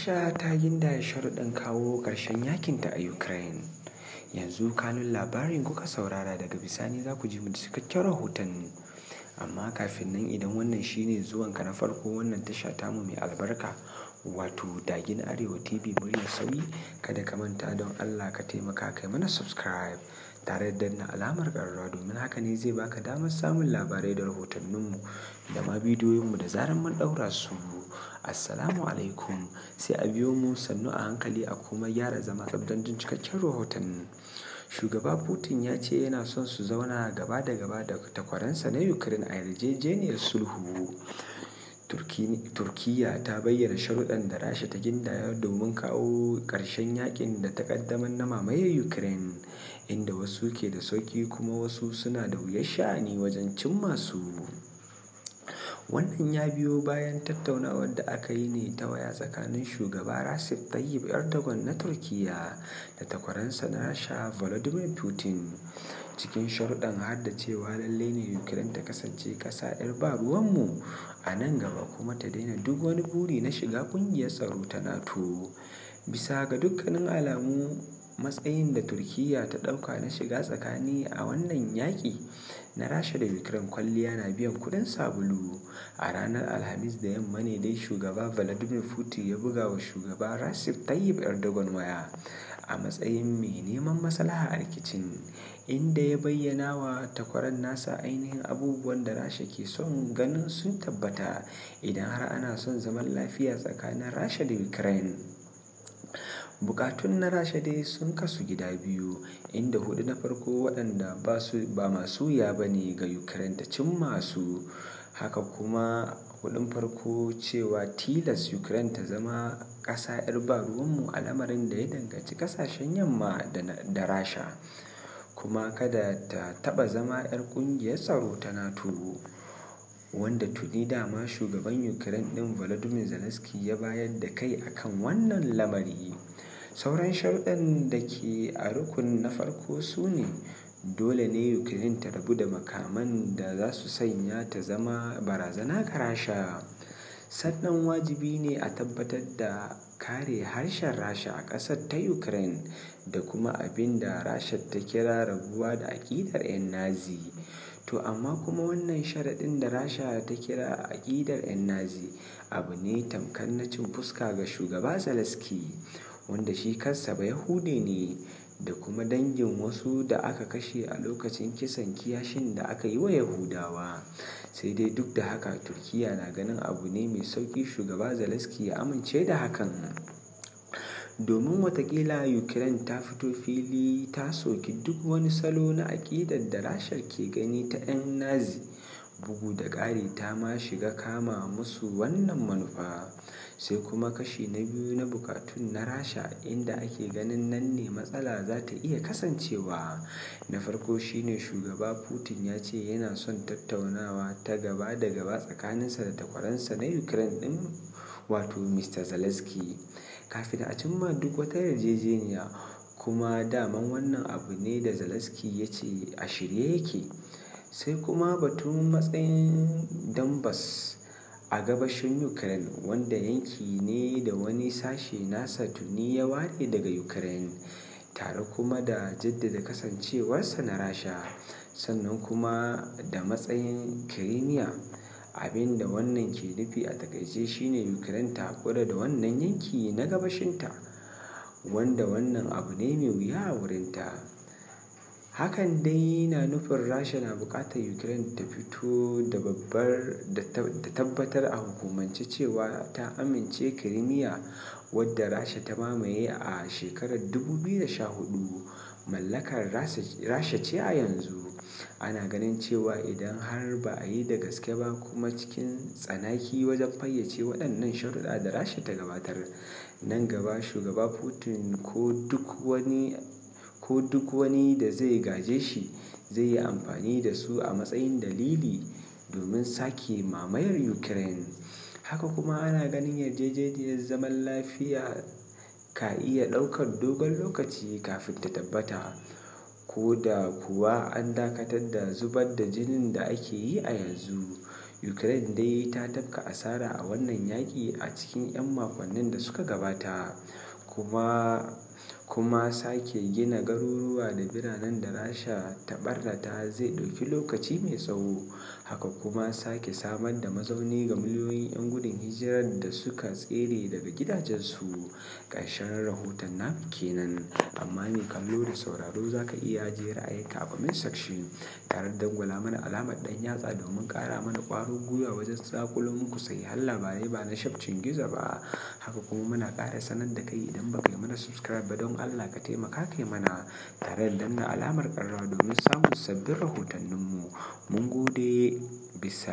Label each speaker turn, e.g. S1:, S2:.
S1: rasha ta gindaya sharuɗin kawo ƙarshen yakinta a ukraine yanzu kanun labarin kuka saurara daga bisani za ku ji mu da cikakken rahoton amma kafin nan idan wannan shine ka na farko wannan tasha ta mu mai albarka wato dagin arewa tv murya sauyi kada ka manta don allah ka taimaka kai mana subscribe tare da danna alamar ƙararrawa domin haka ne zai baka damar samun labarai da rahotanninmu da ma bidiyoyinmu da zarar mun ɗaura su. Assalamu alaikum sai a biyo mu sannu a hankali a kuma gyara zama tsabdan jin cikakken rahotanni Shugaba Putin ya ce yana son su zauna gaba da gaba da takwaransa na Ukraine a yarjejeniyar sulhu. turkiya ta bayyana sharuɗan da rasha ta gindaya domin kawo ƙarshen yakin da ta ƙaddamar na mamaye ukraine inda wasu ke da sauƙi kuma wasu suna da wuyar sha'ani wajen cimma su. Wannan ya biyo bayan tattaunawar da aka yi ne ta waya tsakanin Shugaba rasif Tayyip Erdogan na Turkiyya da takwaransa na Rasha volodymyr Putin. Cikin sharuɗan har da cewa lallai ne Ukraine ta kasance ƙasa 'yar ba ruwanmu a nan gaba kuma ta daina duk wani buri na shiga ƙungiyar tsaro ta NATO. Bisa ga dukkanin alamu matsayin da Turkiyya ta ɗauka na shiga tsakani a wannan yaƙi na Rasha da Ukraine kwalliya na biyan kuɗin sabulu. A ranar Alhamis da yamma ne dai Shugaba Vladimir Putin ya buga wa Shugaba Rasif Tayyip Erdogan waya a matsayin mai neman maslaha a rikicin, inda ya bayyana wa takwaran nasa ainihin abubuwan da Rasha ke son ganin sun tabbata idan har ana son zaman lafiya tsakanin Rasha da Ukraine. bukatun na rasha dai sun kasu gida biyu inda hudu na farko waɗanda ba masu ya ba ne ga ukraine ta cin masu haka kuma hudun farko cewa tilas ukraine ta zama ƙasa 'yar ba ruwanmu a lamarin da ya danganci kasashen yamma da rasha kuma kada ta taba zama 'yar ƙungiyar tsaro ta nato wanda tuni dama shugaban ukraine din volodymyr zelensky ya bayar da kai akan wannan lamari Sauran sharuɗan da ke a rukun na farko su ne dole ne Ukraine ta rabu da makaman da za su sanya ta zama barazana ga Rasha. Sannan wajibi ne a tabbatar da kare harshen Rasha a ƙasar ta Ukraine da kuma abin da Rasha ta kira rabuwa da aƙidar 'yan Nazi. To amma kuma wannan sharaɗin da Rasha ta kira aƙidar 'yan Nazi abu ne tamkar na cin fuska ga Shugaba Zelensky. wanda shi kansa ba yahudi ne da kuma dangin wasu da aka kashe a lokacin kisan kiyashin da aka yi wa Yahudawa. Sai dai duk da haka turkiya na ganin abu ne mai sauƙi shugaba Zelensky ya amince da hakan. domin watakila ukraine ta fito fili ta soki duk wani salo na aƙidar da rashar ke gani ta 'yan nazi bugu da ƙari ta ma shiga kama musu wannan manufa sai kuma kashi na biyu na bukatun na rasha inda ake ganin nan ne matsala za ta iya kasancewa na farko shine shugaba putin ya ce yana son tattaunawa ta gaba da gaba tsakaninsa da takwaransa na ukraine din wato mr zelensky kafin a cimma duk wata yarjejeniya kuma daman wannan abu ne da zelensky ya ce a shirye yake Sai kuma batun matsayin Donbass a gabashin Ukraine wanda yanki ne da wani sashe nasa tuni ya ware daga Ukraine, tare kuma da jaddada kasancewarsa na Rasha, sannan kuma da matsayin Crimea. abinda wannan ke nufi a takaice shine Ukraine ta kura da wannan yanki na gabashinta, wanda wannan abu ne mai wuya a wurinta. hakan dai na nufin rasha na buƙatar ukraine ta fito da tabbatar a hukumance cewa ta amince crimea wadda rasha ta mamaye a shekarar 2014 mallakar rasha ce a yanzu ana ganin cewa idan har ba a yi da gaske ba kuma cikin tsanaki wajen fayyace waɗannan sharuɗa da rasha ta gabatar nan gaba shugaba putin ko duk wani ko duk wani da zai gaje shi zai yi amfani da su a matsayin dalili domin sake mamayar Ukraine. Haka kuma ana ganin yarjejeniyar zaman lafiya ka iya ɗaukar dogon lokaci kafin ta tabbata, ko da kuwa an dakatar da zubar da jinin da ake yi a yanzu. Ukraine dai ta tafka asara a wannan yaƙi a cikin 'yan makonnin da suka gabata, kuma kuma sake gina garuruwa da biranen da rasha ta ɓarnata zai ɗauki lokaci mai tsawo haka kuma sake samar da mazauni ga miliyoyin 'yan gudun hijirar da suka tsere daga gidajensu ƙarshen rahoton na kenan amma mai kallo da sauraro za ka iya ajiye ra'ayinka a comment section tare da dangwala mana alamar ɗan yatsa domin ƙara mana ƙwaro gwiwa wajen tsakulo muku har labarai ba na shafcin gizo ba haka kuma muna ƙara sanar da kai idan ba ka yi mana subscribe ba don Allah ka taimaka kai mana tare da danna alamar ƙararrawa domin samun sabbin rahotanninmu. Mun gode bisa.